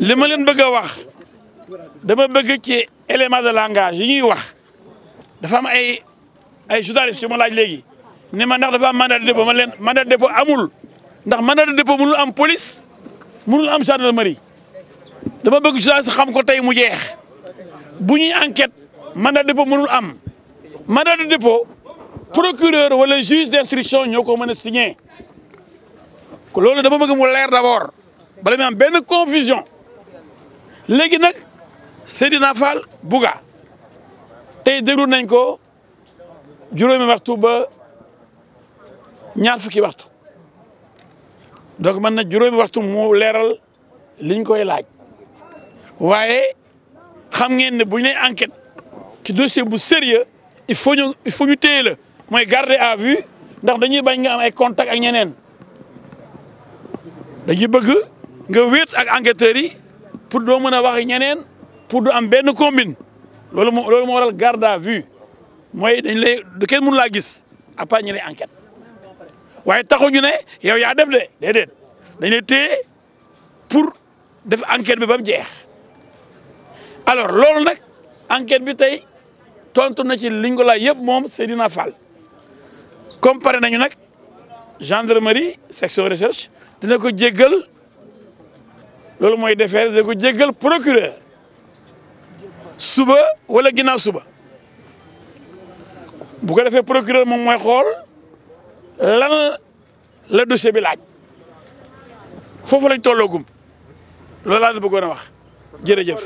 Le ma de a wax dama élément de langage yi ñuy De dafa am a ay journalistes yu ma laaj mandat de dépôt mandat de dépôt amul ndax mandat de dépôt mënul am police mënul am gendarmerie dama xam ko mu jeex bu enquête mandat de dépôt mënul mandat de dépôt procureur ou le juge d'instruction ñoo ko signé loolu dama mu d'abord confusion léegi nag na Fall Bouga tey déglu nañ ko juróomi waxtu ba ñaar fukki waxtu donc man na juróomi waxtu mu leeral liñ koy laaj waaye xam ngeen ne bu ñu enquête ci dossier bu sérieux il faut ñu il faut mooy garder à vue ndax dañuy bañ nga am ay contact ak ñeneen dañuy bëgg nga wéet ak enquêteurs yi pour doo mën a wax ñeneen pour du am benn combine loolu moo loolu moo waral garde à vue mooy dañ lay kenn mënu laa gis à part ñu enquête waaye ñu ne yow yaa def de déedéet dañ lay téye pour def enquête bi ba mu jeex alors loolu nag enquête bi tey tontu na ci liñ ko laaj yëpp moom Seydina Fall comparé nañu nag gendarmerie section recherche dina ko jéggal loolu mooy defeere da ko jéggal procureur suba wala ginnaaw suba bu ko defee procureur moom mooy xool lan la dossier bi laaj foofu lañ tolloogum loolu laa bëggoon a wax jërëjëf